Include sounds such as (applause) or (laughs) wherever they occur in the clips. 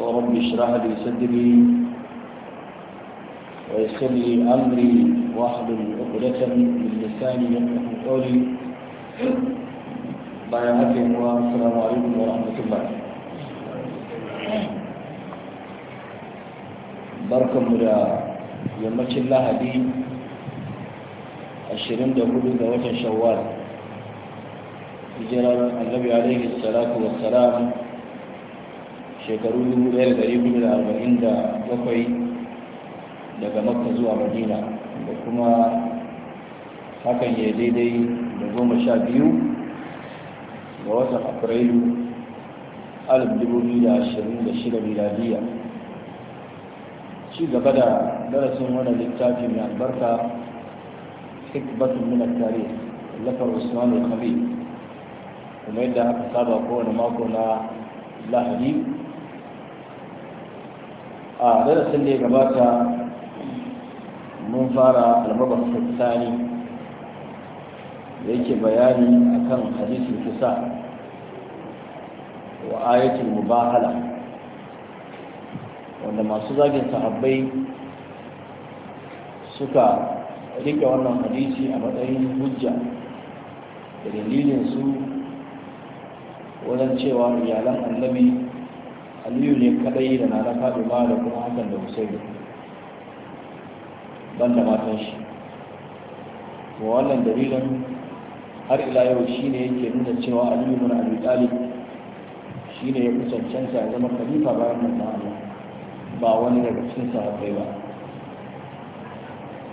ورب اشرح لي صدري ويسر لي امري واحد عقدة من لساني يفقه قولي بيانكم السلام عليكم ورحمة الله بارك الله يوم الله دي الشريم ده كله ده شوال جلال النبي عليه الصلاة والسلام shekaru 1447 daga makka zuwa madina da kuma hakan ya daidai da goma sha biyu ga watan afrilu 2026 miladiya ci gaba da darasin wani littafi mai albarka hikbatun minar tare lafar usmanu khabib kuma yadda aka saba kowane mako na lahadi a darasin da ya gabata mun fara almabar sani da yake bayani akan hadisin kisa wa ayatul mubahala wanda masu zagin sahabbai suka rike wannan hadisi a matsayin hujja da dalilinsu wajen cewa iyalan annabi aliyu ne kadai da na rafa ma da kuma hakan da husaini ban da matan shi to wannan dalilin har ila yau shi ne yake nuna cewa aliyu bin abi shi ne ya kusancanta ya zama khalifa bayan nan manzon Allah ba wani daga cikin sahabbai ba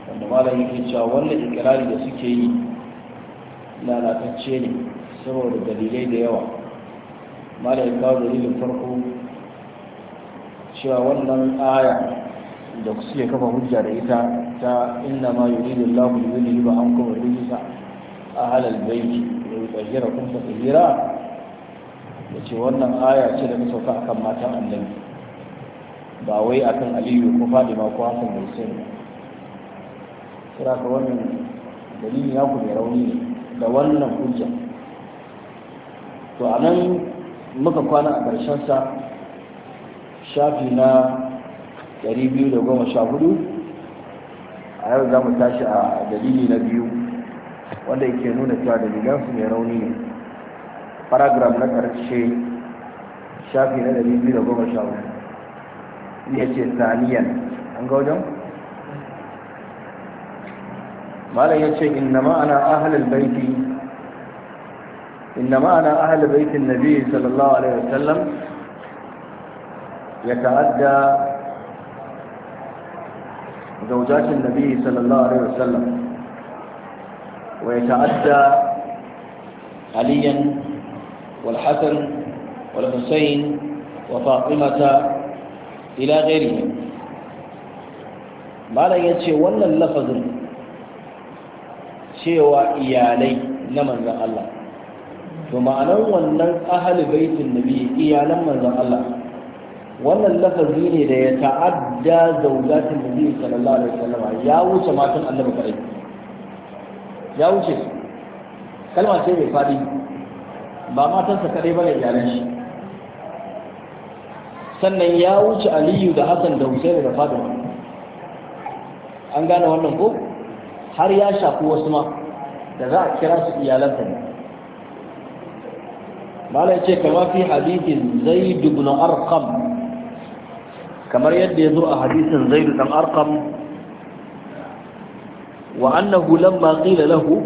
wanda malam yake cewa wannan ikirari da suke yi lalatacce ne saboda dalilai da yawa malam ya kawo dalilin farko cewa wannan aya da suke kafa hujja da ita ta inna ma da yuridu Allahu yuridu ba an kuma rijisa ahal kun wa yutahhirakum da ce wannan aya ce da a kan matan annabi ba wai akan Aliyu ko Fadima ko Hassan da Hussein kira ka wannan dalili ya ku mai rauni ne da wannan hujja to anan muka kwana a ƙarshen sa shafi na 214 a yau za mu tashi a dalili na biyu wanda yake nuna cewa dalilansu mai rauni ne paragraf na ƙarshe shafi na 214 ya ce saniyan an ga wajen? malam ya ce inna ma'ana ahalar baiti inna ma'ana ahalar baitin nabi sallallahu alaihi wasallam يتعدى زوجات النبي صلى الله عليه وسلم ويتعدى عليا والحسن والحسين وفاطمة إلى غيرهم ما لا يتشي ولا اللفظ شيوى إيالي لمن ذا الله ثم أنا أهل بيت النبي إيالا من ذا الله wannan lafazi ne da ya ta'adda zaugatin nabi sallallahu alaihi wasallam ya wuce matan annabi kadai ya wuce kalma ce mai fadi ba matansa kadai bane iyalan shi sannan ya wuce aliyu da hasan da husaini da fatima an gane wannan ko har ya shafi wasu ma da za a kira su iyalansa ne mala ce kama fi hadithin zaid ibn arqam kamar yadda ya zo a hadisin zaidu dan arkam wa annahu lamma qila lahu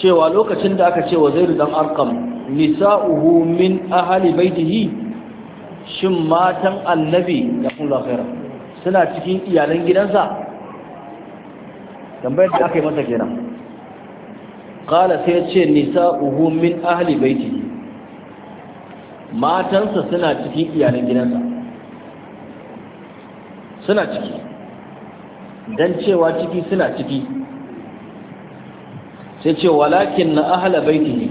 cewa lokacin da aka ce wa zaidu ɗan arkam nisa'uhu min ahli baitihi shin matan annabi da kullu khaira suna cikin iyalan gidansa tambayar da aka yi masa kenan qala sai ya ce nisa'uhu min ahli baitihi matansa suna cikin iyalan gidansa suna ciki dan cewa ciki suna ciki sai ce walakin na baiti ne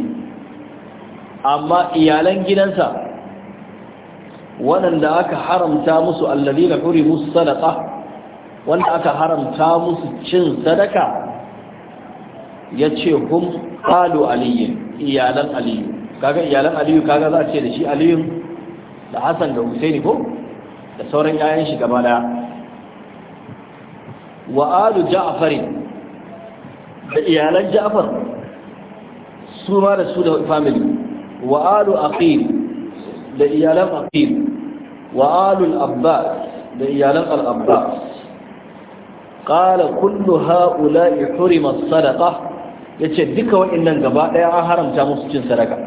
amma iyalan gidansa waɗanda aka haramta musu kuri musu sadaka, wanda aka haramta musu cin sadaka ya ce hum ƙalo aliyu iyalan aliyu kaga iyalan aliyu kaga za a ce da shi aliyun da Hassan da husaini ko da sauran 'ya'yan shi gaba daya wa alu ja'farin da iyalan ja'afar su ma da su da family wa alu aqil da iyalan aqil wa alu al-abbas da iyalan al-abbas qala kullu ha'ula'i hurima as-sadaqa yace duka wa'annan gaba daya an haramta musu cin sadaka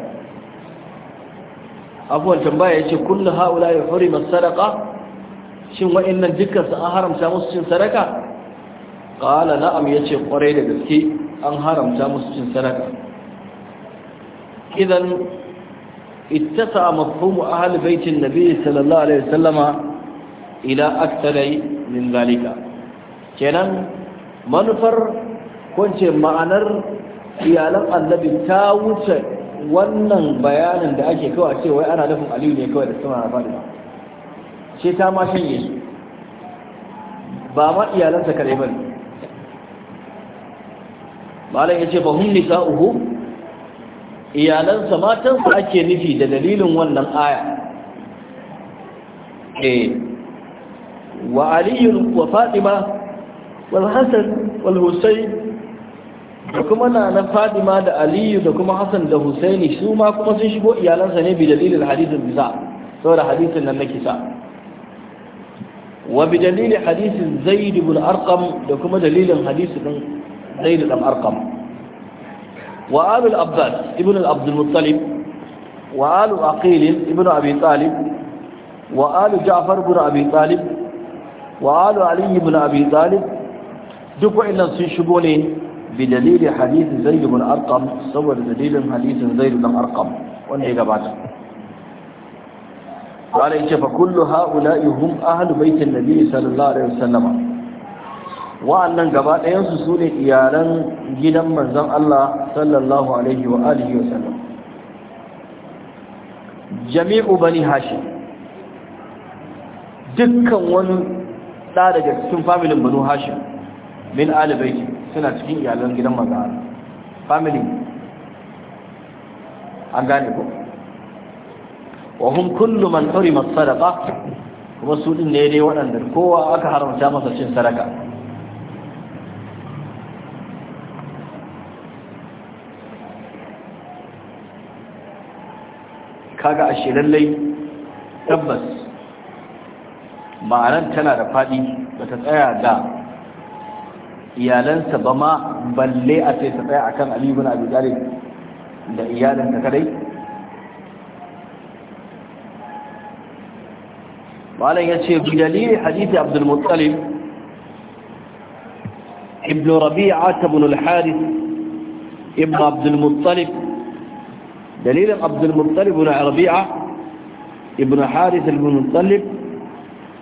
abuwan tambaya yace kullu ha'ula'i hurima as-sadaqa shin wa'annan dukkan su an haramta musu cin sadaka ƙala na'am ya ce ƙwarai da gaske an haramta musu cin sadaka idan ittasa mafhumu ahli baitin nabi sallallahu alaihi wasallama ila aktarai min zalika kenan manufar kwance ma'anar iyalan annabi ta wuce wannan bayanin da ake kawai ce wai ana nufin aliyu ne kawai da sama na fadima ce ta ma shanye su ba ma iyalansa kare ba malam yace fa hum uku? iyalansa matansa ake nufi da dalilin wannan aya eh wa ali wa Fadima wal hasan wal husayn da kuma na na Fadima da Aliyu da kuma hasan da husaini su ma kuma sun shigo iyalansa ne bi dalilin hadisin bisa saboda hadisin nan na kisa wa bi dalilin hadisin zaid ibn arqam da kuma dalilin hadisin زيد بن أرقم وآل الأباس ابن عبد المطلب وآل عقيل ابن أبي طالب وآل جعفر بن أبي طالب وآل علي بن أبي طالب duk wa'annan sun shigo ne bi dalilin hadisin zaid ibn arqam saboda dalilin hadisin zaid ibn arqam wanda ya gabata qala yace fa kullu ha'ula'i hum ahlu baitin nabiy wa'annan gaba ɗayansu su ne iyalan gidan manzan Allah sallallahu alaihi wa alihi wa sallam jami'u bani hashim dukkan wani ɗa daga cikin familin banu hashim min alibai suna cikin iyalan gidan manzan Allah family an gane ku. wa hum kullu man hurima sadaqa kuma su ɗin ne dai waɗanda kowa aka haramta masa cin sadaka kaga ashe lallai tabbas ma'anar tana da faɗi ba ta tsaya ga iyalansa ba ma balle a ta tsaya a kan aliyu bin abu talib da iyalansa kadai malam ya ce bi dalilin hadithi abdulmuttalib ibn rabi'a ta bin al-harith ibn abdulmuttalib دليلا عبد المطلب بن عربيعة ابن حارث المطلب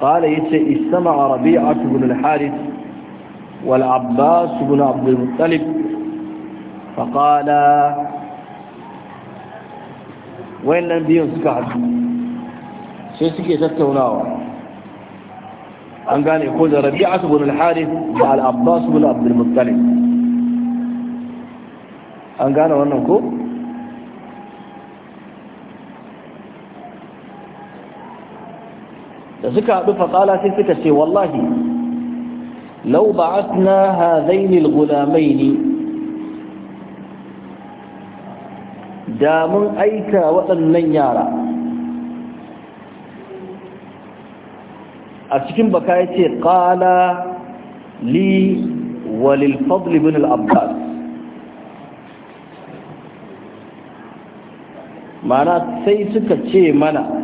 قال استمع ربيعة بن الحارث والعباس بن عبد المطلب فقال وين لن بيونسك عبد سيسك يتبت هناو قال يقول ربيعة بن الحارث مع العباس بن عبد المطلب قال وانا da suka haɗu faƙala sai suka ce wallahi lau ba'athna hadaini al ne. da mun aika waɗannan yara a cikin baka ya ce ƙala li walil fadli bin al'abbas mana sai suka ce mana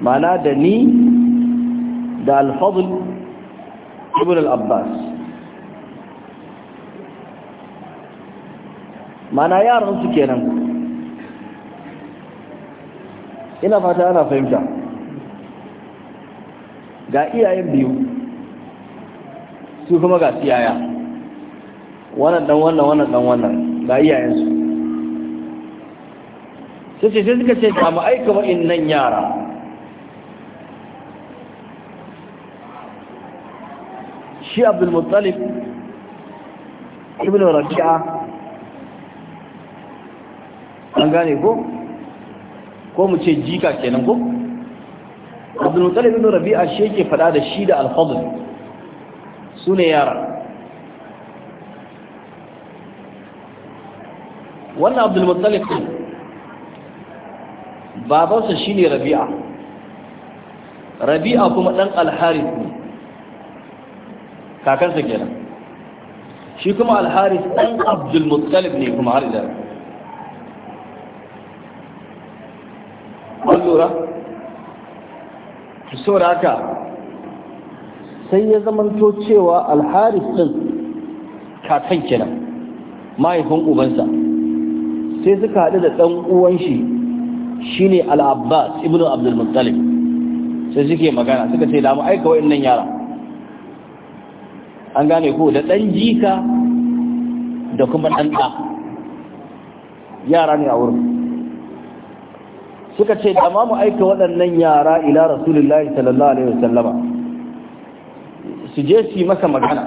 Ma'ana da ni da alfadul ibn al-abbas yaran su kenan ina fata ana fahimta ga iyayen biyu su kuma ga siyaya wannan dan wannan wannan dan wannan ga iyayen su. sai ce sai suka ce kama aika wa'in nan yara shi abdul muttalib ibn rabi'a an gane ko ko mu ce jika kenan ko abdul muttalib ibn rabi'a shi yake fada da shi da al-fadl sune yara wannan abdul muttalib babansa shine rabi'a rabi'a kuma dan al-harith ne kakansa kenan shi kuma alharis ɗan abdulmuttalib ne kuma har da an lura so sai ya zamanto cewa alharis ɗin kakan kenan mahaifin ubansa sai suka haɗu da ɗan uwan shi shine al-abbas ibnu abdulmuttalib sai suke magana suka ce da mu aika wa'annan yara an gane ko da ɗan jika da kuma ɗan ɗa yara ne a wurin suka ce da ma mu aika waɗannan yara ila rasulullahi sallallahu alaihi wasallama su je su yi masa magana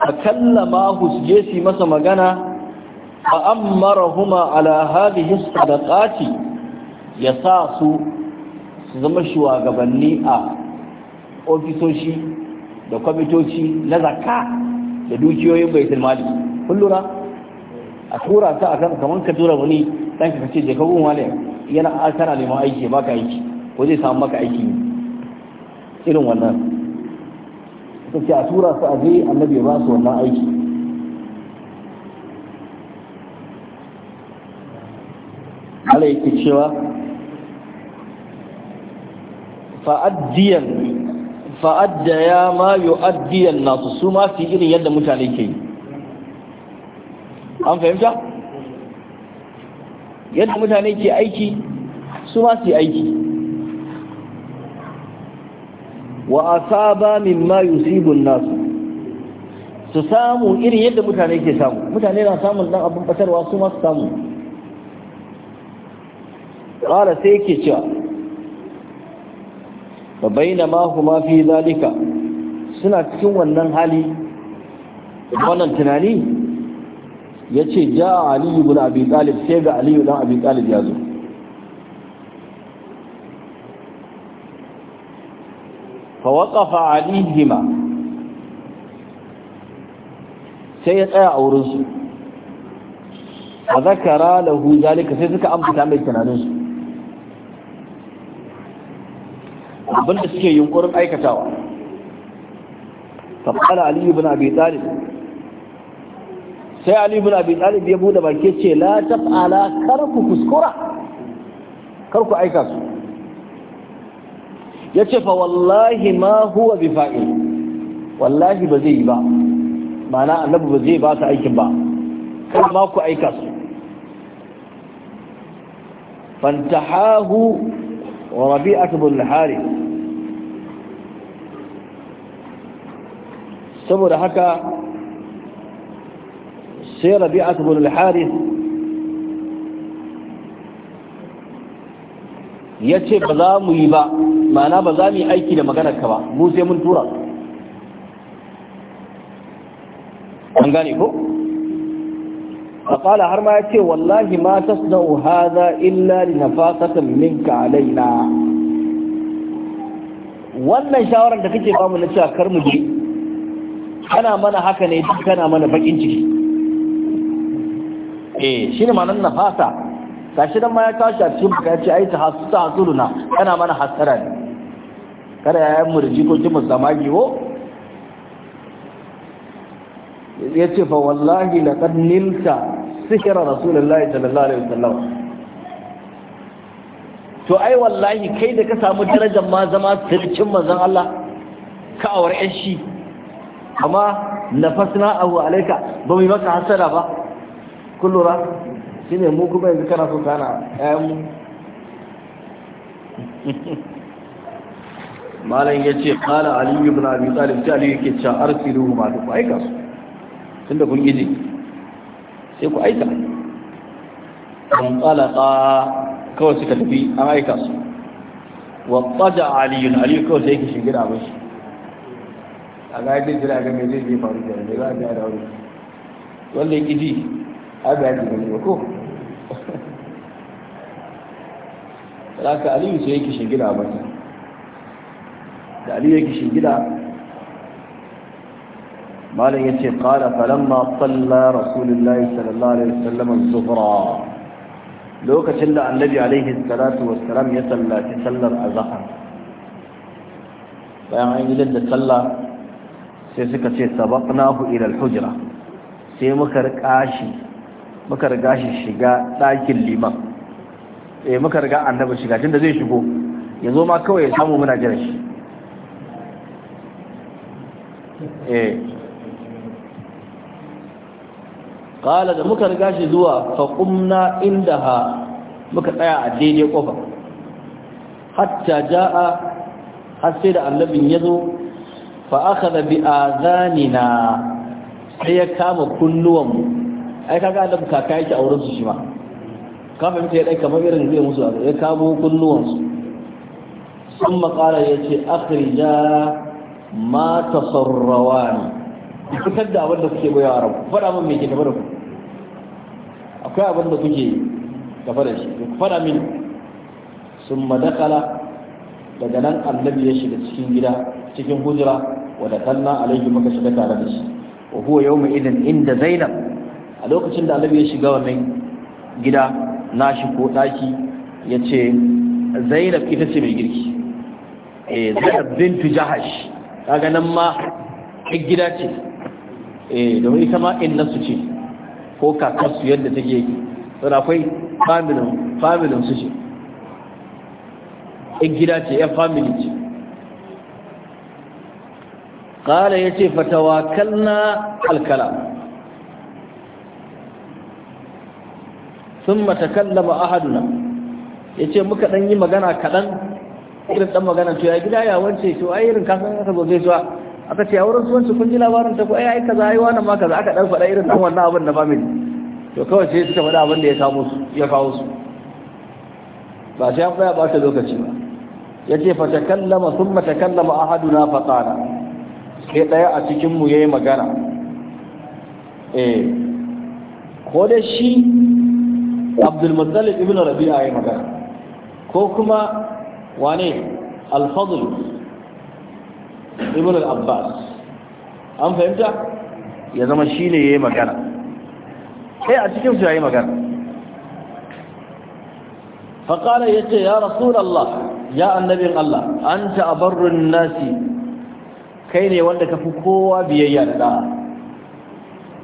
a kallama ku su je su yi masa magana a huma ala da sadaqati ya sa su su zama shugabanni a ofisoshi da kwamitoci na zakka da dukiyoyin bai mali kun lura a tura ta kan kamar ka tura wani ɗan ka ce je ka gun wale yana asara ah, neman aiki baka aiki ko zai samu maka aiki irin wannan ce a tura su a zai annabi ba su wannan aiki Allah yake cewa fa'addiyan fa'adda ya ma yu'addiyan nasu su ma su irin yadda mutane ke yi an fahimta yadda mutane ke aiki su ma fi aiki wa asaba mimma yusibun nasu su samu irin yadda mutane ke samu mutane na samun dan abin batarwa su ma su samu ƙara sai ke cewa Babaina bainama huma fi zalika suna cikin wannan hali wannan tunani Ya ce, ja ali ibn abi talib sai ga Aliyu ibn abi talib ya zo fa waqafa alaihima sai ya tsaya a wurin su fa zakara lahu zalika sai suka amsa mai tunaninsu. abinda suke yunkurin aikatawa faƙala aliyu bin abi talib sai aliyu bin abi talib ya bude baki ce la taf'ala kar ku kuskura kar ku aika su ya ce fa wallahi ma huwa bi fa'il wallahi ba zai yi ba ma'ana annabi ba zai ba ta aikin ba kar ma ku aika su fantahahu wa rabi'atu bin harith saboda haka sai rabi'at ibn al ya ce ba za mu yi ba ma'ana ba za mu yi aiki da maganar ka ba mu sai mun tura an gane ko فقال har ma ya ce wallahi ma tasna'u hadha illa na linafaqatan minka alaina wannan shawarar da kake ba mu na cewa kar mu je kana mana haka ne duk kana mana bakin ciki eh shine ma'anar nafasa gashi dan ma ya tashi a cikin baka ce ai ta hasu ta hasuruna kana mana hasara ne kada ya yi murji ko kimus zamagi wo ya ce fa wallahi laqad nilta sihra rasulullahi sallallahu alaihi wasallam to ai wallahi kai da ka samu darajar ma zama sirkin manzon Allah ka awar ƴan shi amma fasina abu alaika ba mu maka hasara ba kullura shine mu kuma yanzu kana so kana ayan mu (laughs) malam yace qala ali ibn abi talib ta ke can cewa arsiluhu ma duk aika su da kun gije sai ku aika kun qala kawai suka tafi an aika su wa Aliyu na Aliyu kawai sai yake shigira ba shi a ga yadda jira ga mai zai zai faru da mai za a biya da wuri wanda ya ƙiji a biya yi gani ba ko ka aliyu sai yake shingida a mata da aliyu yake shingida malam yace qala falamma salla rasulullahi sallallahu alaihi wasallam az-zuhra lokacin da annabi alaihi salatu wassalam ya sallaci sallar azhar bayan an yi da sallah sai suka ce sabaqnahu ila al-hujra sai muka riga shi muka riga shi shiga dakin liman eh muka riga annabi shiga tunda zai shigo yanzu ma kawai samu muna jira shi eh qala da muka riga shi zuwa fa qumna indaha muka tsaya a daidai kofa hatta jaa har sai da annabin yazo fa akhadha bi azanina sai ya kama kunnuwan mu ai kaga annabi kaka yake auren su shi ma ka fahimta ya dai kamar irin zai musu ya kamo kunnuwan su sun makara ya ce akhrija ma tasarrawani fitar da abin kuke goya a rabu faɗa min me ke gaba da ku akwai abin da kuke gaba da shi ku faɗa min sun madakala daga nan annabi ya shiga cikin gida cikin hujira wa kanna kalla maka shiga tare da shi wa huwa yawma idan inda zainab a lokacin da annabi ya shiga wannan gida nashi ko daki yace zainab ita ce mai girki eh zainab bintu jahash kaga nan ma gida ce eh domin ita ma in nasu ce ko kakarsu yadda take yi don akwai familin su ce in gida ce ya family ce ƙala ya ce na alkala sun matakallama ahaduna ya ce muka ɗan yi magana kaɗan irin ɗan magana to ya gida ya wance to ai irin kasan aka zo zuwa aka ce a wurin suwanci kun ji labarin ta ko ai ai kaza ai wannan ma kaza aka ɗan faɗa irin ɗan wannan abin da family to kawai sai suka faɗa abin da ya kawo su ya kawo su ba sai an baya ba ta lokaci ba ya ce takallama sun matakallama ahaduna faƙara sai ɗaya a cikinmu ya yi magana eh ko da shi abdulmuttalib ibn rabi'a ya yi magana ko kuma wane alfadul ibn al-abbas an fahimta ya zama shi ne ya yi magana sai a cikinsu ya yi magana faƙalar ya ce ya rasu da Allah ya annabin Allah an ta abarrun nasi kai ne wanda ka fi kowa biyayya da da'a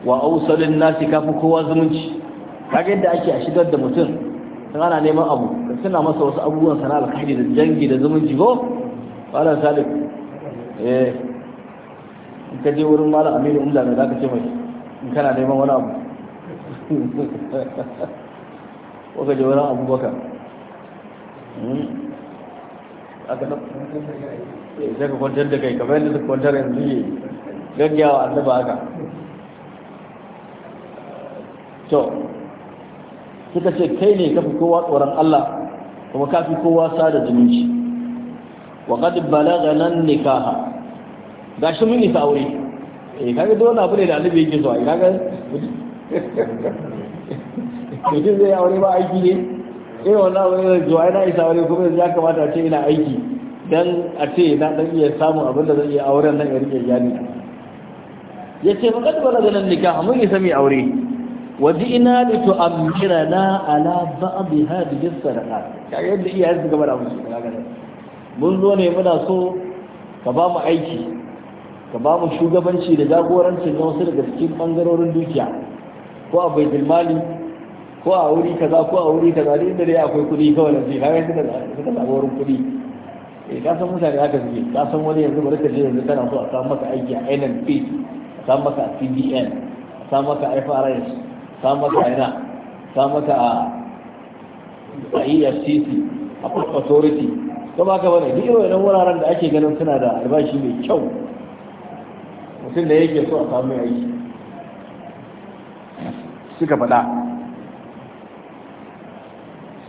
wa ausalin nasi ka fi kowa zumunci kaga yadda ake a shigar da mutum sun ana neman abu da suna masa wasu abubuwan sana alkhairi da jangi da zumunci ko malam salif eh in ka je wurin malam aminu umla ne zaka ce mai in kana neman wani abu (laughs) ko ka je wurin abubakar hmm? aka sai ka kwantar da kai kamar yadda suka kwantar yanzu yi gaggawa zaba haka to suka ce kai ne ka fi kowa tsoron Allah kuma ka fi kowa sada zumunci wa qad ga nan Ga shi mun isa aure eh kaga dole abu ne da alibi yake zuwa ai kaga mutum zai aure ba aiki ne irin wannan aure da zuwa ina isa aure kuma ya kamata a ce ina aiki dan a ce na dan iya samun abin da zai iya auren nan ya rike iyali ya ce fa kad balaga nan nikah mun isa mai aure wa ji'na li tu'ammirana ala ba'd hadhihi sadaqat ka yadda iya yanzu gaba da musu kaga mun zo ne muna so ka ba mu aiki ka ba mu shugabanci da jagorancin na wasu daga cikin bangarorin dukiya ko a baitul mali ko a wuri kaza ko a wuri kaza duk inda dai akwai kuɗi kawai da sai kaga ka zaɓa wurin kuɗi eh ka san mutane haka suke ka san wani yanzu bari ka je yanzu kana so a samu maka aiki a NNP a samu maka a CBN a samu maka a FRS a samu maka a ina a samu maka a EFCC a Port Authority to ba ka bane duk irin wuraren da ake ganin suna da albashi mai kyau mutum da yake so a samu aiki suka faɗa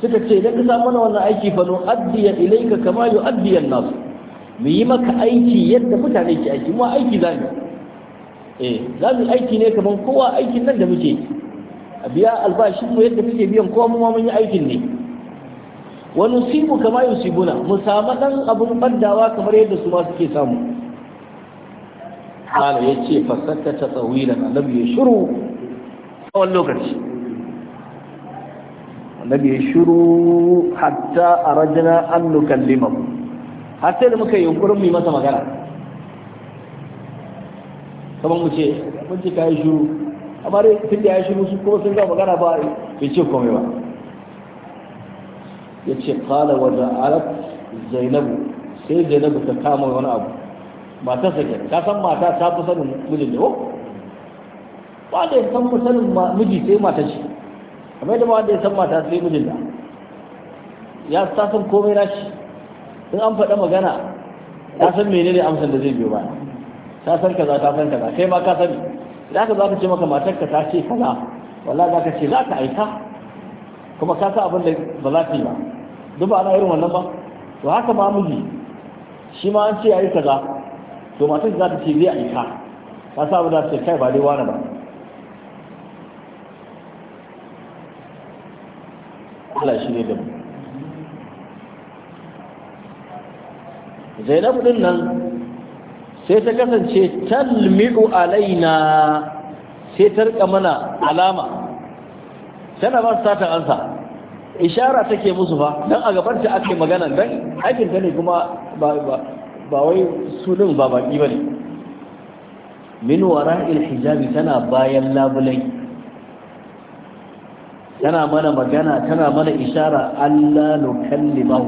suka ce idan ka samu mana wannan aiki fa nu addiya ilayka kama yu'addiya an-nas mu yi maka aiki yadda mutane ke aiki mu aiki za zamu eh za mu aiki ne kaman kowa aikin nan da muke a biya albashin mu yadda muke biyan kowa mu ma mun yi aikin ne wa nusibu kama yusibuna mu samu dan abun bandawa kamar yadda su ma suke samu قال يجي فسكت طويلا لم يشروا أول لوكتي annabi ya shiru hatta arajna an nukallimahu hatta da muka yi yunkurin mu masa magana kamar mu ce mun ce kai shiru amma dai tun da ya shiru su kuma sun ga magana ba ya ce komai ba ya ce qala wa ja'alat zainabu sai zainabu ta kama wani abu Mata sa ka san mata ta fi sanin mijin ne ko ba da san sanin miji sai mata ce kamar da wanda ya san mata sai mijinta ya sa san komai shi in an faɗa magana ta san menene amsar da zai biyo ba ta san kaza ta san kaza kai ma ka sani idan ka za ka ce maka matarka ta ce kaza wallahi za ka ce za ka aika kuma ka sa abin da ba za ka yi ba duk ba ana irin wannan ba to haka ma miji shi ma an ce yayi kaza to matar za ta ce zai aika ka sa abin da ce kai ba dai wani ba Allah shi ne da mu zainabu din nan sai ta kasance talmi'u alaina sai ta rika mana alama tana ba sata ansa ishara take musu fa dan a gaban ta ake magana dan aikin ta ne kuma ba ba ba wai ba baki bane min wara'il hijabi tana bayan labulai tana mana magana tana mana ishara Allah nukallimahu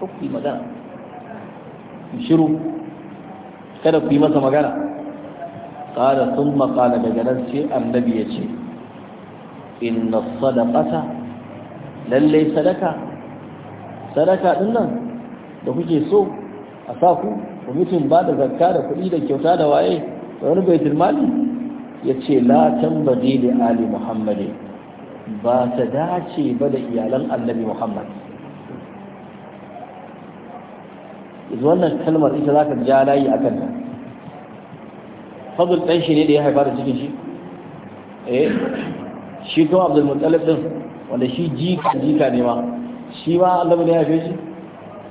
kai magana shiru kada ku yi masa magana Kada sun qala daga nan sai annabi ya ce inna sadaqata Lallai sadaka sadaka din nan da kuke so a sa ku mutum ba da zakka da kuɗi da kyauta da waye wani bai mali ya ce la tambadi li ali muhammadin ba ta dace ba da iyalan annabi muhammad yanzu wannan kalmar ita za ka ja layi a kan nan fadl ɗan shi ne da ya haifa da cikin shi eh shi kuma abdul muttalib din wanda shi jika jika ne ma shi ma annabi ne ya haife shi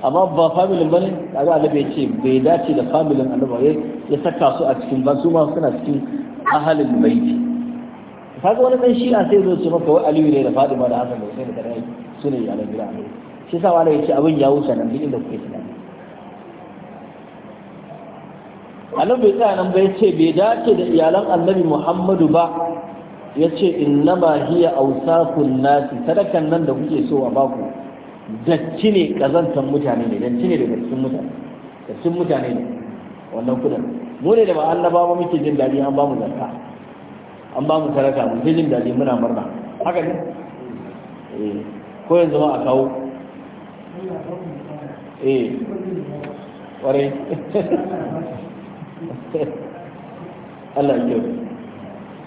amma ba familin bane kaga annabi ya ce bai dace da familin annabi ya saka su a cikin ba su ma suna cikin ahalin baiti kaga wani dan shi'a sai zo ce maka wai aliyu ne da fadima da Hassan da Hussein da rai su ne iyalan gidan ne shi sa wala yace abin ya wuce nan duk da kuke tunani Allah bai tsaya nan ba yace bai dace da iyalan annabi muhammadu ba yace innama hiya awsafun nasi sadakan nan da kuke so a baku dacci ne kazantan mutane ne dacci ne daga cikin mutane da cikin mutane ne wannan kudin mu ne da ba Allah ba mu muke jin dadi an ba mu zakka an ba mu taraka mu fi jin daɗi muna murna haka ne eh, ko yanzu ma a kawo eh ƙwarai (laughs) Allah ya kyau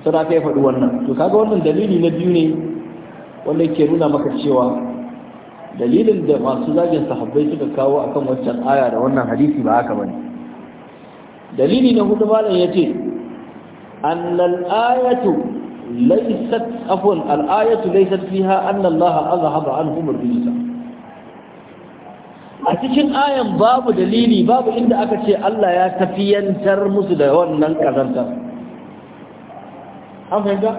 suna kai faɗi wannan to kaga wannan dalili na biyu ne wanda ke nuna maka cewa dalilin da masu zagin sahabbai suka kawo akan waccan aya da wannan hadisi ba haka bane dalili na hudu malam yace أن الآية ليست عفوا الآية ليست فيها أن الله أذهب عنهم الرجس a cikin ayan babu dalili babu inda aka ce Allah ya tafiyantar musu da wannan kazantar an fahimta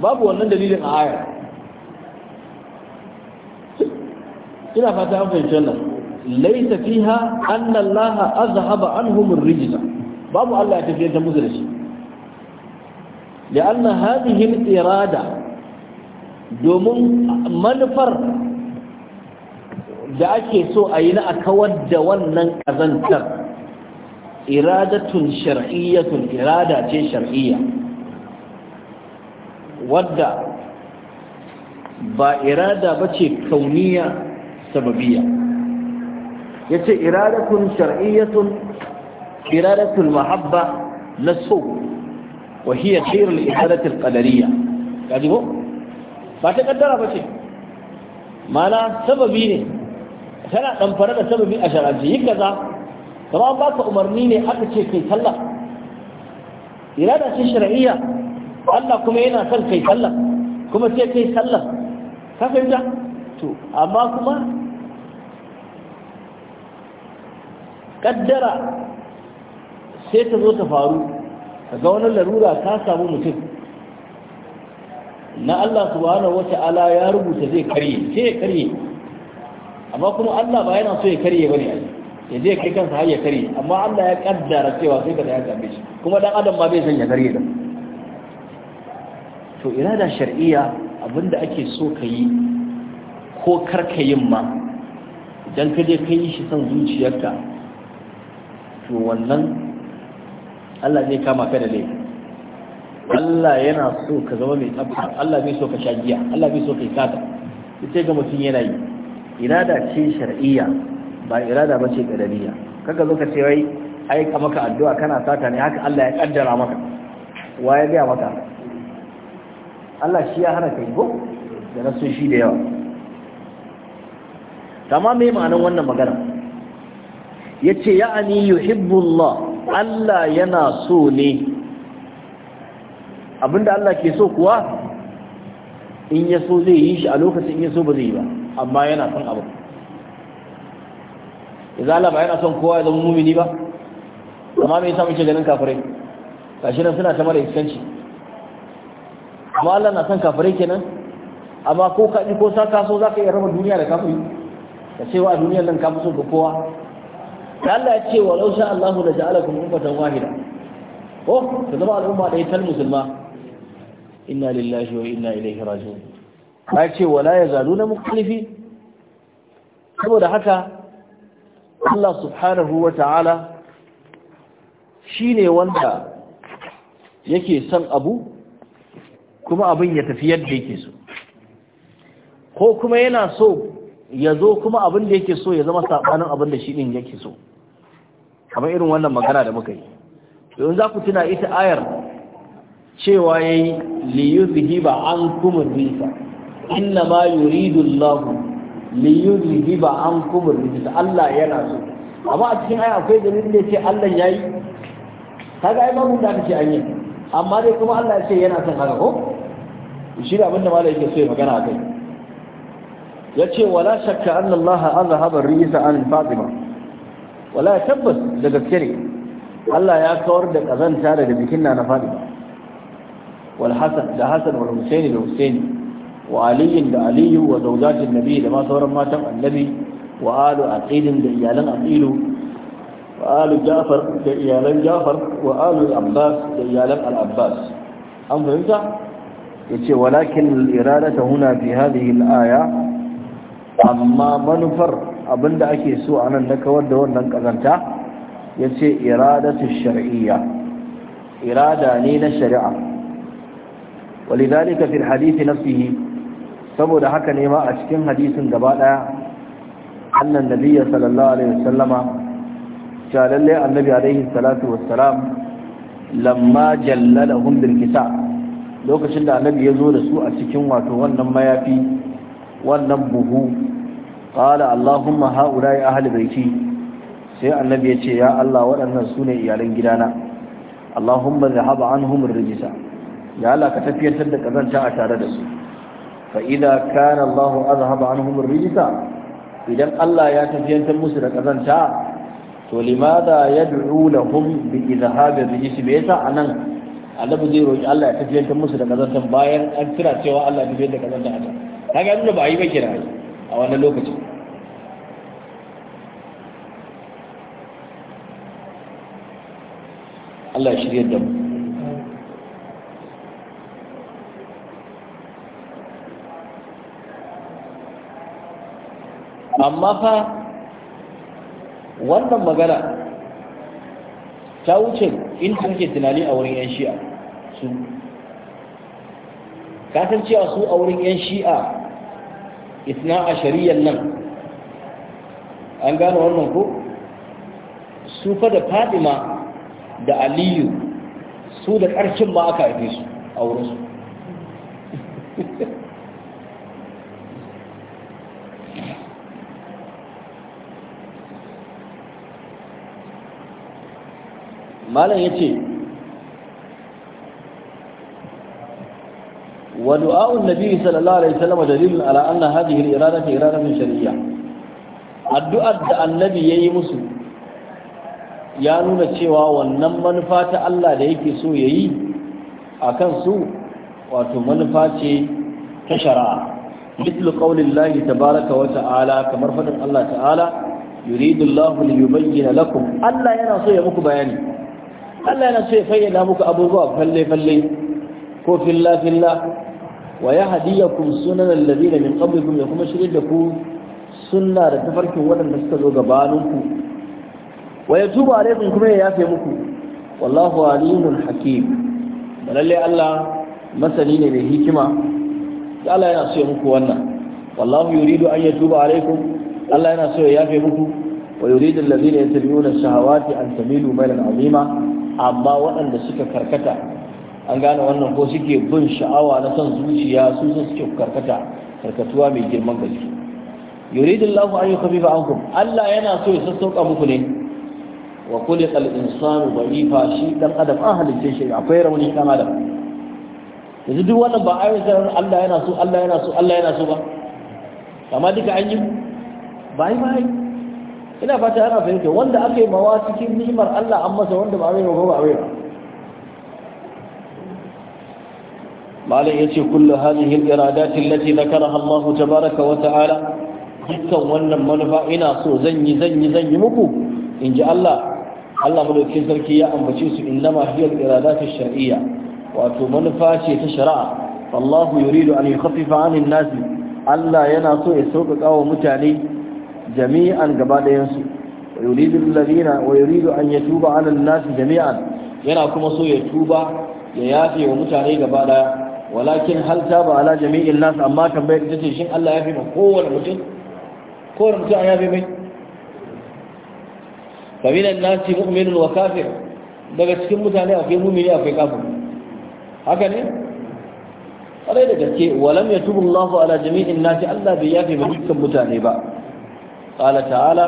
babu wannan dalilin a aya ina fata an fahimci wannan laisa fiha anna Allah azhaba anhum ar babu Allah ya tafiyantar musu da shi لأن هذه الإرادة domin manufar da ake so a yi na a kawar da wannan ƙazantar iradatun shar'iyyatun irada ce shar'iyya wadda ba irada ba ce kauniya sababiya ya ce iradatun shar'iyyatun iradatun mahabba na so wa hiya khairul ibadati al-qadariyya kaji ko ba ta kaddara ba ce mana sababi ne tana damfara da sababi a shar'anci kaza kuma an baka umarni ne aka ce kai sallah irada ce shar'iyya Allah kuma yana son kai sallah kuma sai kai sallah ka to amma kuma kaddara sai ta zo ta faru ga wani larura ta samu mutum na Allah subhanahu wata'ala ya rubuta zai karye sai ya karye amma kuma Allah ba yana so ya karye bane ya je kai kansa har ya karye amma Allah ya kaddara cewa sai ka da ya gabe shi kuma dan adam ba bai san ya karye da to irada shar'iyya abinda ake so ka yi ko kar ka yin ma idan ka je ka yi shi san zuciyarka to wannan Allah zai kama ka da laifi Allah yana so ka zama mai tsafta Allah bai so ka sha giya Allah bai so ka yi sata sai ga mutum yana yi irada ce shar'iyya ba irada ba ce qadariya kaga zo ka ce wai ai ka maka addu'a kana sata ne haka Allah ya kaddara maka wa ya ga maka Allah shi ya hana kai ko da nasu shi da yawa tamam mai ma'anar wannan magana yace ya'ani yuhibbu Allah Allah yana so ne abinda Allah ke so kuwa in ya so zai yi shi a lokacin in ya so ba zai yi ba amma yana son abu yanzu Allah ba yana son kowa ya zama mumini ba amma me yasa muke ganin kafirai gashi nan suna ta mara iskanci amma Allah na son kafirai kenan amma ko kaɗi ko sa kaso za ka iya raba duniya da kafin ka ce wa duniyar nan kafin so ga kowa ta Allah ya ce walau sha Allahu la ja'alakum ummatan wahida ko ta zama al'umma da ita musulma inna lillahi wa inna ilaihi raji'un ta ce wala yazaluna mukhalifi saboda haka Allah subhanahu wa ta'ala shine wanda yake son abu kuma abin ya tafi yadda yake so ko kuma yana so ya zo kuma abin da yake so ya zama saɓanin abin da shi ɗin yake so kamar irin wannan magana da muka yi don za ku tuna ita ayar cewa yayi li yuzhiba ankum kuma risa inna ma yuridu Allah li yuzhiba ankum ar-risa Allah yana so amma a cikin ayar akwai dalilin da ce Allah yayi kaga ai babu da kace an yi amma dai kuma Allah ya ce yana son haka ko shi da abinda malai yake so ya magana akai yace wala shakka anna Allah azhaba ar an Fatima wala tabbas da gaske ne Allah ya kawar da kazanta daga jikin na na fadi wal hasan da hasan wal husaini da husaini wa aliyin da aliyu wa zawjatin nabi da ma sauran matan annabi wa alu aqilin da iyalan aqilu wa alu ja'far da iyalan ja'far wa alu abbas da iyalan al abbas an fahimta yace walakin al iradata huna fi hadhihi al aya amma manufar abinda ake so a nan na kawar da wannan kazanta ya ce iradatu shar'iyya irada ne na shari'a walidhalika fil hadisi nafsihi saboda haka ne ma a cikin hadisin gaba daya annan nabiyyi sallallahu alaihi wasallama cewa lalle annabi alaihi salatu wassalam lamma jallalahum bil kisa lokacin da annabi ya zo da su a cikin wato wannan mayafi wannan buhu qala allahumma haula'i ahli baiti sai annabi ya ce ya Allah waɗannan su ne iyalan gidana allahumma zahab anhum ar-rijsa ya Allah ka tafiyar da kazanta a tare da su fa idza kana Allah azhab anhum ar-rijsa idan Allah ya tafiyar musu da kazanta to limada yad'u lahum bi izhab ar-rijsi me yasa anan annabi zai roki Allah ya tafiyar musu da kazanta bayan an kira cewa Allah ya tafiyar da kazanta a ta kaga nuna ba a yi ba kenan a wani lokaci Allah ya shirya da mu amma fa wannan magana ta wuce in ke tunani a wurin 'yan shi'a su kasancewa su a wurin 'yan shi'a isna a shari'ar nan an gane wannan ko su da fadima da aliyu su da ƙarshen ba aka haife su a wurinsu (laughs) malam ya ce ودعاء النبي dalilin الله عليه وسلم دليل على أن هذه الإرادة إرادة شرعية الدعاء النبي يي مسو ya nuna cewa wannan manufa ta Allah da yake so ya yi a kansu wato manufa ce ta shara'a mislu qaulin lahi tabaraka wa ta'ala kamar fadin Allah ta'ala yuridu Allahu li yubayyana lakum Allah yana so ya muku bayani Allah yana so ya fayyana muku abubuwa falle falle ko filla filla wa ya hadiyakum sunan alladhina min qablikum ya kuma shirin da ku sunna da tafarkin waɗanda suka zo gabaninku. ku ya tuba alaikum kuma ya yafe muku wallahu alimun hakim lalle Allah masani ne mai hikima Allah yana so ya muku wannan wallahu yuridu an yatuba alaikum Allah yana so ya yafe muku wa yuridu ya yattabi'una ash-shahawati an tamilu maylan 'azima amma waɗanda suka karkata an gane wannan ko suke bin sha'awa na son zuciya sun su suke karkata karkatuwa mai girman gaske yuridin lahu an yi khafifa ankum Allah yana so ya sassauka muku ne wa kulli qal insanu da'ifa shi dan adam an halitta shi akwai rauni dan adam yanzu duk wannan ba ayoyin sanar Allah yana so Allah yana so Allah yana so ba amma duka an yi bai bai ina fata ana fahimta wanda aka yi mawa cikin ni'imar Allah an masa wanda ba a yi ba ba a ba malam yace kullu hadhihi al-iradat allati dhakaraha Allah tabaaraka wa ta'ala dukkan wannan manufa ina so zan yi zan yi zan yi muku In ji Allah Allah madaukakin sarki ya ambace su innama hiya al-iradat ash-shar'iyya wato manufa ce ta shari'a Allah yuridu an yukhaffifa 'anil nas Allah yana so ya sauƙaƙa wa mutane jami'an gaba ɗayansu yuridu alladhina wa yuridu an yatuba 'ala an-nas jami'an yana kuma so ya tuba ya yafe wa mutane gaba ɗaya walakin hal taba ala jami'in nasu, amma tambayar ita ce shin Allah ya fi kowane mutum kowane mutum ya fi mai faminan nasi muminin wa kafir daga cikin mutane akwai mumini akwai kafin. haka ne kwarai da gaske walam ya tubu Allah ala jami'in nasi Allah bai yafe mai dukkan mutane ba qala ta'ala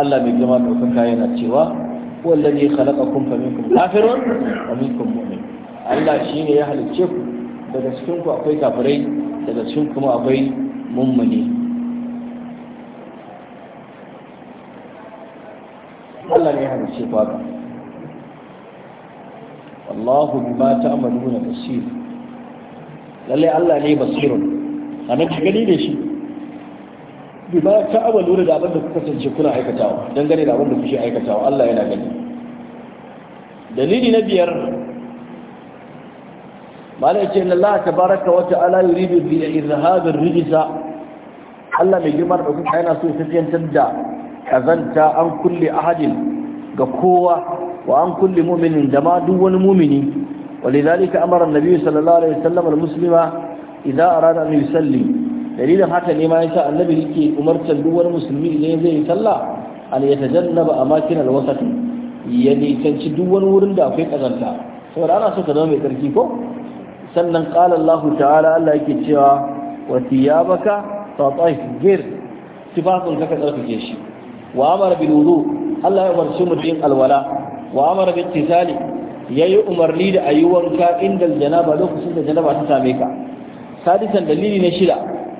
Allah mai zama girma kayan yana cewa wallazi khalaqakum faminkum kafirun wa minkum mu'min Allah shine ya halicce ku daga cikinku akwai kafirai daga cikin kuma akwai mummuni Allah ne hada ce fada Allahu bima ta'maluna basir lalle Allah ne basirun anan ka gani ne shi bima ta'maluna da abin da kuka kasance kuna aikatawa dangane da abin da kuke aikatawa Allah yana gani dalili na biyar mala yace inna tabaraka wata ta'ala yuridu bi izhabi ar-rijsa Allah mai girma da yana so ya tafiyantar da kazanta an kulle ahadin ga kowa wa an kulle mu'minin da ma duk wani mu'mini ولذلك امر النبي صلى alaihi عليه وسلم المسلم اذا اراد ان يصلي دليل haka ne ma yasa annabi yake umartar duk wani musulmi idan zai yi sallah an yatajannaba amakin alwasat ya nisanci duk wani wurin da akwai kazanta saboda ana so ka zama mai tsarki ko sannan qala Allah ta'ala Allah yake cewa wa thiyabaka fatahhir tibaqul ka tsarkake shi wa amara bin wuzu Allah ya umarci mu alwala wa amara bin tisali yi umarni da ayyuwanka inda janaba lokacin da janaba ta same ka sadisan dalili na shida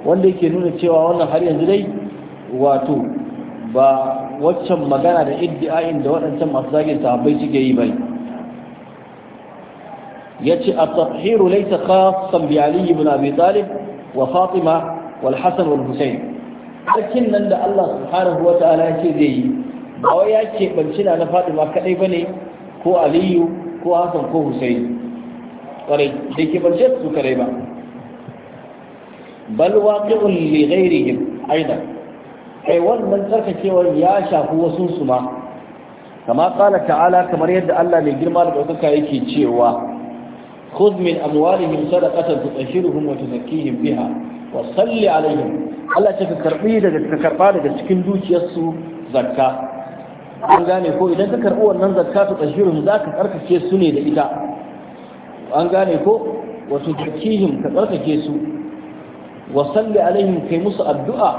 wanda yake nuna cewa wannan har yanzu dai wato ba waccan magana da iddi'ain da waɗancan masu zagin sahabbai suke yi bai Ya yace at-tahhir laysa khassan bi Aliyu ibn abi talib wa fatima wal hasan wal husayn harkin nan da Allah subhanahu wa ta'ala yake zai yi ba wai ya keɓanci na na Fatima kadai ba ne ko Aliyu ko Hassan ko Husaini ƙwarai da keɓance su kaɗai ba bal waqi'un li ghairihim aida kai wannan tsarkakewar ya shafi wasu su ma kama qala ta'ala kamar yadda Allah mai girma da ɗaukaka yake cewa خذ من أموالهم صدقة تطهرهم وتزكيهم بها وصل عليهم Allah ce ka karbi daga ka karba daga cikin dukiyarsu zakka an gane ko idan ka karɓi wannan zakka ta tashirun za ka tsarkake su ne da ita an gane ko wato zakihim ka tsarkake su wa salli alaihim kai musu addu'a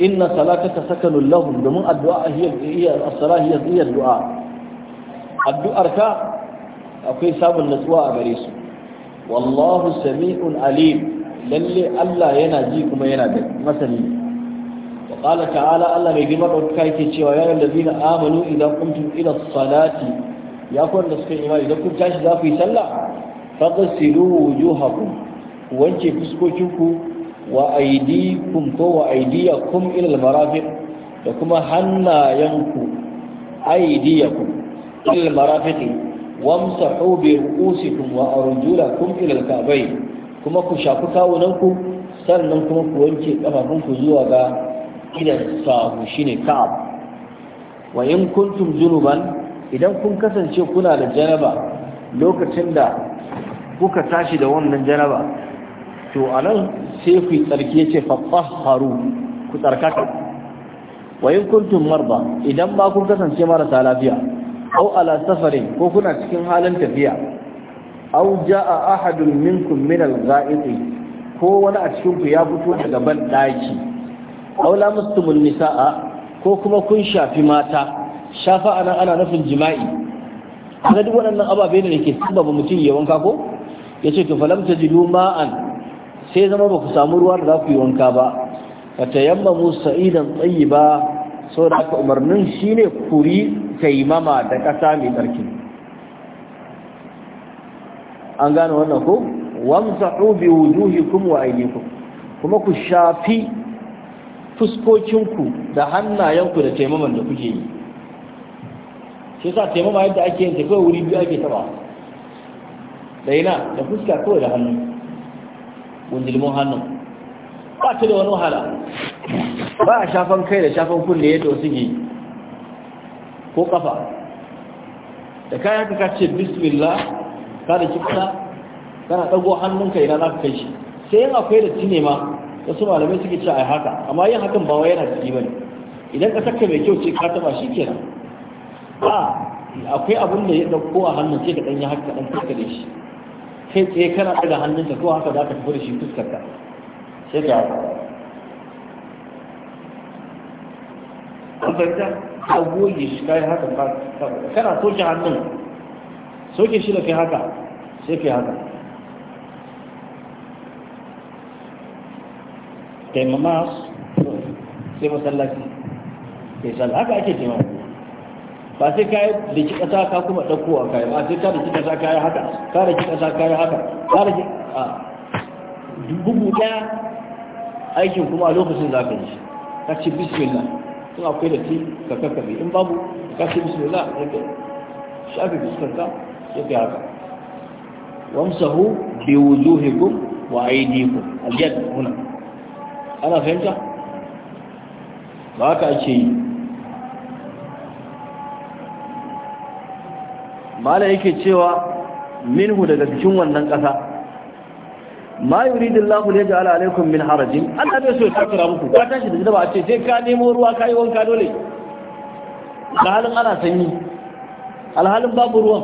inna salataka sakanun lahum domin addu'a a hiya as-salah hiya du'a addu'arka akwai samun natsuwa a gare su wallahu sami'un alim lalle Allah yana ji kuma yana da masani wa qala ta'ala Allah mai girma dauka yake cewa ya zina amanu idan kuntum ila salati ya ku wanda suka imani idan kun tashi za ku yi sallah faghsilu wujuhakum wanke fuskokinku wa aydikum ko wa aydiyakum ila almarafiq da kuma hannayenku aydiyakum ila almarafiq wamsahu bi ru'usikum wa arjulakum ila al-ka'bayn kuma ku shafi kawunanku sannan kuma ku wanke kafafunku zuwa ga idan sahu shine ka'ab wa in kuntum junuban idan kun kasance kuna da janaba lokacin da kuka tashi da wannan janaba to anan sai ku tsarki yace fatahharu ku tsarkaka wa in kuntum marda idan ba kun kasance marasa lafiya aw ala safarin ko kuna cikin halin tafiya aw jaa ahadun minkum min al ko wani a cikin ku ya fito daga ban daki aw lamustumun nisaa ko kuma kun shafi mata shafa ana ana nufin jima'i kaga duk waɗannan ababe ne ke sababa mutum ya wanka ko yace to falam tajidu ma'an sai zama ba ku samu ruwa da za ku yi wanka ba tayammamu sa'idan tayyiba saboda haka umarnin shine kuri taimama da ƙasa mai tsarki an gano wannan ko wamsahu bi wujuhikum wa aydikum kuma ku shafi fuskokinku da hannayenku da taimaman da kuke yi shi yasa taimama yadda ake yin tafiya wuri biyu ake taba da ina da fuska kawai da hannu gundulmin hannun ba ta da wani wahala ba a shafan kai da shafan kunne yadda wasu ke ko kafa da kayan ka ka ce bismillah ka da kifta kana dago hannunka ina za ka kai shi sai yin akwai da tine ma wasu malamai suke ce a haka amma yin hakan ba wai yana ciki bane idan ka saka mai kyau ce ka taba shi kenan a akwai abin da ya dauko a hannun ce ka dan yi haka dan fuska da shi kai tsaye kana daga hannunka ko haka za ka tafi da shi fuskar ka sai ka haka ka goge shi kai haka ba kana soke hannun soke shi da kai haka sai kai haka taimama sai masallaci kai sallah haka ake taimama ba sai kai da ki kasa ka kuma a kai ba sai ka da ki kasa kai haka ka da ki kasa kai haka ka da ki a dubu ɗaya aikin kuma a lokacin za ka yi ka ce bismillah in akwai da ti ka kakkabe in babu ka ce bismillah ya ke shafi fuskarka ya ke haka wamsahu bi wujuhikum wa aydikum aljad huna ana fahimta ba ka ce yi mala yake cewa minhu daga cikin wannan ƙasa ma yuridu Allahu ne ja'ala alaikum min harajin Allah bai so ya takura muku ka tashi da ba a ce sai ka nemo ruwa ka yi wanka dole alhalin ana sanyi alhalin babu ruwan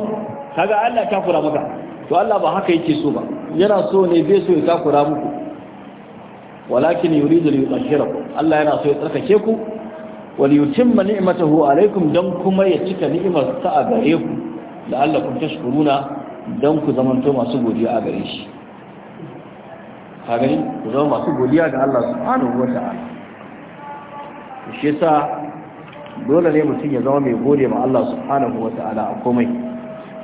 kaga Allah takura maka to Allah ba haka yake so ba yana so ne bai so ya takura muku walakin da li yutahhirakum Allah yana so ya tsarkake ku wal yutimma ni'matahu alaikum don kuma ya cika ni'imar sa a gare ku la'allakum tashkuruna dan ku zamanto masu godiya a gare shi a gani ku zama masu godiya ga Allah subhanahu wa ta'ala shi yasa dole ne mutum ya zama mai gode ma Allah subhanahu wa ta'ala a komai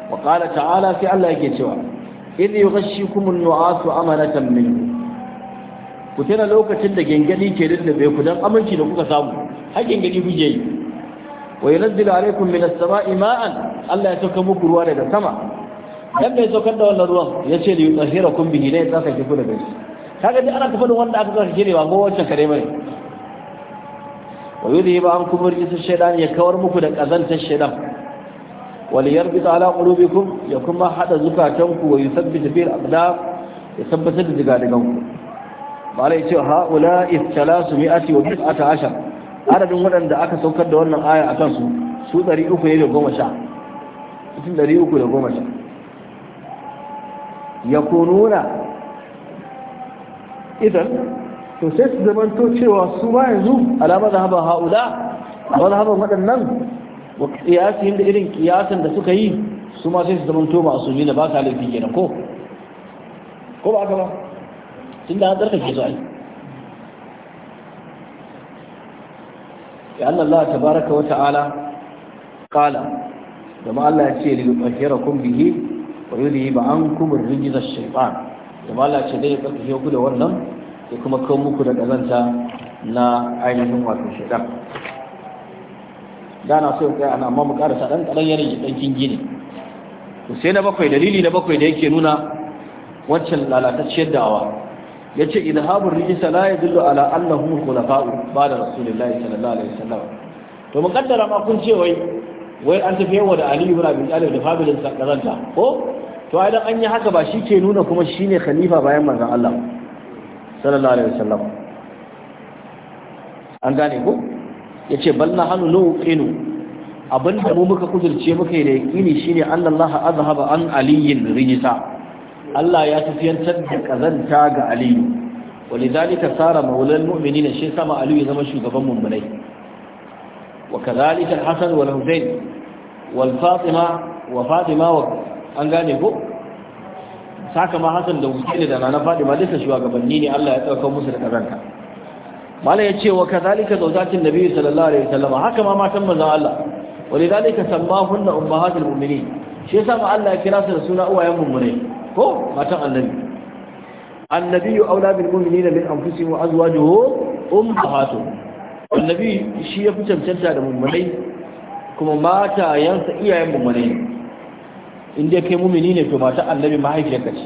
wa qala ta'ala sai Allah yake cewa idh yughashshikumun nu'asu amanatan minhu ku tana lokacin da gengadi ke rindabe ku dan aminci da kuka samu har gengadi kuke yi wa yunzilu alaykum minas sama'i ma'an Allah ya sauka muku ruwa daga sama dan bai saukar da wannan ruwan yace li yutahhirakum bihi ne tsaka ki kula da shi kaga dai ana fadin wanda aka zaka kirewa ba ko wancan kare bane wa yudhi ba an kubur isa shaydan ya kawar muku da kazantar shaytan wal yarbit ala qulubikum ya kuma hada ku wa yusabbit bil aqdam ya tabbatar da daga ku ba lai Ula, haula istalasu mi'ati wa bi'ata ashar adadin waɗanda aka saukar da wannan aya a kansu su 300 ne da goma sha mutum 310 yakununa idan to sai su zamanto cewa su ma yanzu alama da haɓa haula wani haban waɗannan wa ƙiyasihin da irin ƙiyasan da suka yi su ma sai su zamanto masu ne da ba sa laifi kenan ko ko ba haka ba tun da an tsarkake su ai ya Allah Allah tabaraka wa ta'ala qala da ma Allah ya ce li yutahhirakum bihi wa yudhiba ankum ar-rijza ash-shaytan kuma mala ce dai ya tsarkake ku da wannan ya kuma kawo muku da ƙazanta na ainihin wato shaidan da na so ya tsaya ana amma mu ƙarasa ɗan ƙalan yanayi ɗankin gini to sai na bakwai dalili na bakwai da yake nuna waccan lalatacciyar da'awa ya ce idhabur rijisa la yadullu ala annahu khulafa'u ba da sallallahu alaihi wasallam to muqaddara ma kun ce wai wai an tafi wa da Ali ibn Abi Talib da familin sakaranta ko to idan an yi haka ba shi ke nuna kuma shi ne khalifa bayan manzon Allah sallallahu alaihi wasallam an gane ko yace bal na Inu. Abin da mu muka kudurce muka yi da yakini shine annallaha azhaba an aliyin rijisa Allah ya tafiyantar da kazanta ga aliyu walidhalika sara maulal mu'minina shi sama aliyu zama shugaban mu'minai وكذلك الحسن والحسين والفاطمة وفاطمة an gane ko saka ma hasan da wuce da nana fadima duka shugabanni ne Allah ya dauka musu da kazanta mala yace wa kadhalika zawjatin nabiy sallallahu alaihi wasallam haka ma matan manzon Allah Wani walidhalika sammahunna ummahatul mu'minin shi yasa ma Allah ya kira su da suna uwayen mu'mini ko matan annabi annabi aula bil mu'minina min anfusihim wa azwajuhu ummahatuhum annabi shi ya fi cancanta da mu'minai kuma mata yansa iyayen mu'minai in dai kai mumini ne to mata annabi mahaifiyarka ce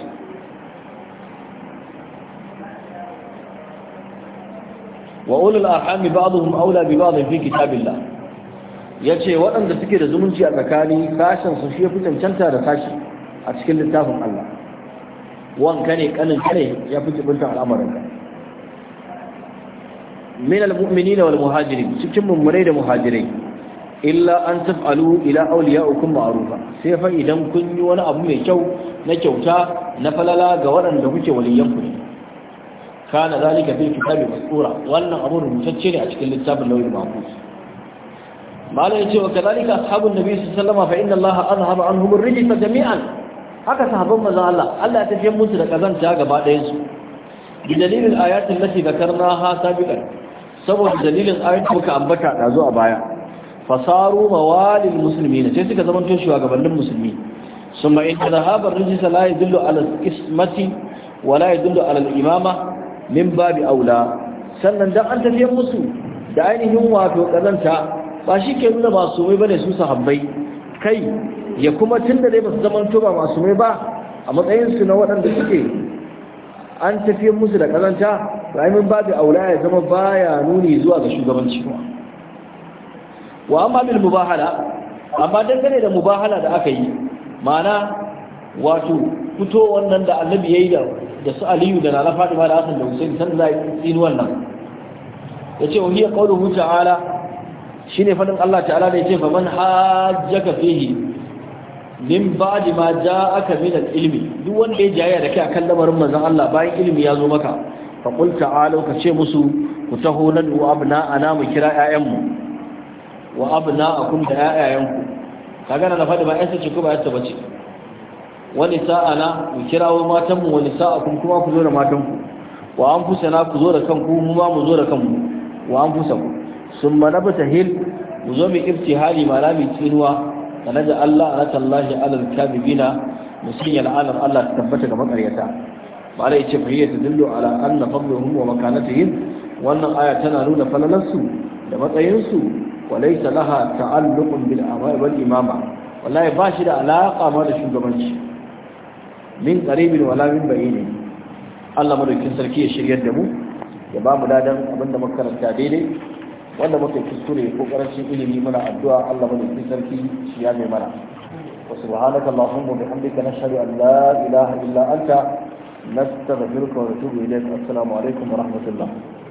wa ulul arhami ba'dhum aula bi ba'd fi kitabillah yace waɗanda suke da zumunci a tsakani sashen su shi fi cancanta da sashi a cikin littafin Allah wanka ne kanin kare ya fi jibinta al'amarin ka min al-mu'minina wal muhajirin cikin mummurai da muhajirai illa an taf'alu ila awliyaikum ma'rufa sai fa idan kun yi wani abu mai kyau na kyauta na falala ga waɗanda kuke waliyan ku kana zalika fil kitabi masura wannan abu rubutacce ne a cikin littafin lauyin mahfuz mala yace wa kadalika ashabun nabi sallallahu alaihi fa inna allaha azhaba anhum ar-rijsa jami'an haka sahabban manzon Allah Allah ya tafi musu da kazanta gaba ɗayan su bi dalilin ayatin lati dhakarnaha sabiqan saboda dalilin ayatin muka ambata da a baya fasaru mawalil musulmi sai suka zama to shugabannin musulmi ثم إن ذهاب الرجس لا يدل على القسمة ولا يدل على imama min babi aula sannan dan an tafiye musu da ainihin wato kazanta ba shi ke nuna masumai bane su sahabbai kai ya kuma tunda dai basu su to ba masumai ba a matsayin su na waɗanda suke an tafiye musu da kazanta min babu aula ya zama baya nuni zuwa ga shugabanci kuma wa amma bil mubahala amma dangane da mubahala da aka yi ma'ana wato fito wannan da annabi yayi da da su aliyu da nana fatima da hasan da husaini san za yi wannan yace wa hiya qawluhu ta'ala shine fadin Allah ta'ala da yace faman hajjaka fihi min ba'di ma ja'aka min ilmi duk wanda ya jaya da kai akan lamarin manzon Allah bayan ilimi ya zo maka fa qul ta'alu ka ce musu ku taho nan wa abna ana mu kira 'ya'yanmu wa a abna'akum da ƴaƴayanku gana na faɗi ba ƴansa ce ko ba ƴansa ba ce wani sa'a na, ku kirawo matanmu wani sa'a kun kuma ku zo da matanku wa an fusana ku zo da kanku mu ma mu zo da kanmu wa an fusa ku sun mana bata hil mu zo mu ibti hali ma lami tsinuwa da na ji Allah a ratan lahi alal mu musin la'anar Allah ta tabbata ga makaryata ba da yace fahiyya ta dillo ala anna fadluhum wa makanatihim wannan aya tana nuna falalarsu da matsayinsu walaisa laha ta'alluqun bil amali wal imama wallahi ba shi da alaka ma da shugabanci min qaribin wala min ba'ini Allah madaukin sarki ya shiryar da mu ya ba mu dadan abinda muka karanta daidai wanda muka kiskure ko karancin ilimi muna addu'a Allah madaukin sarki shi ya mai mana wa subhanaka allahumma bihamdika nashhadu an la ilaha illa anta nastaghfiruka wa natubu ilayk assalamu alaikum wa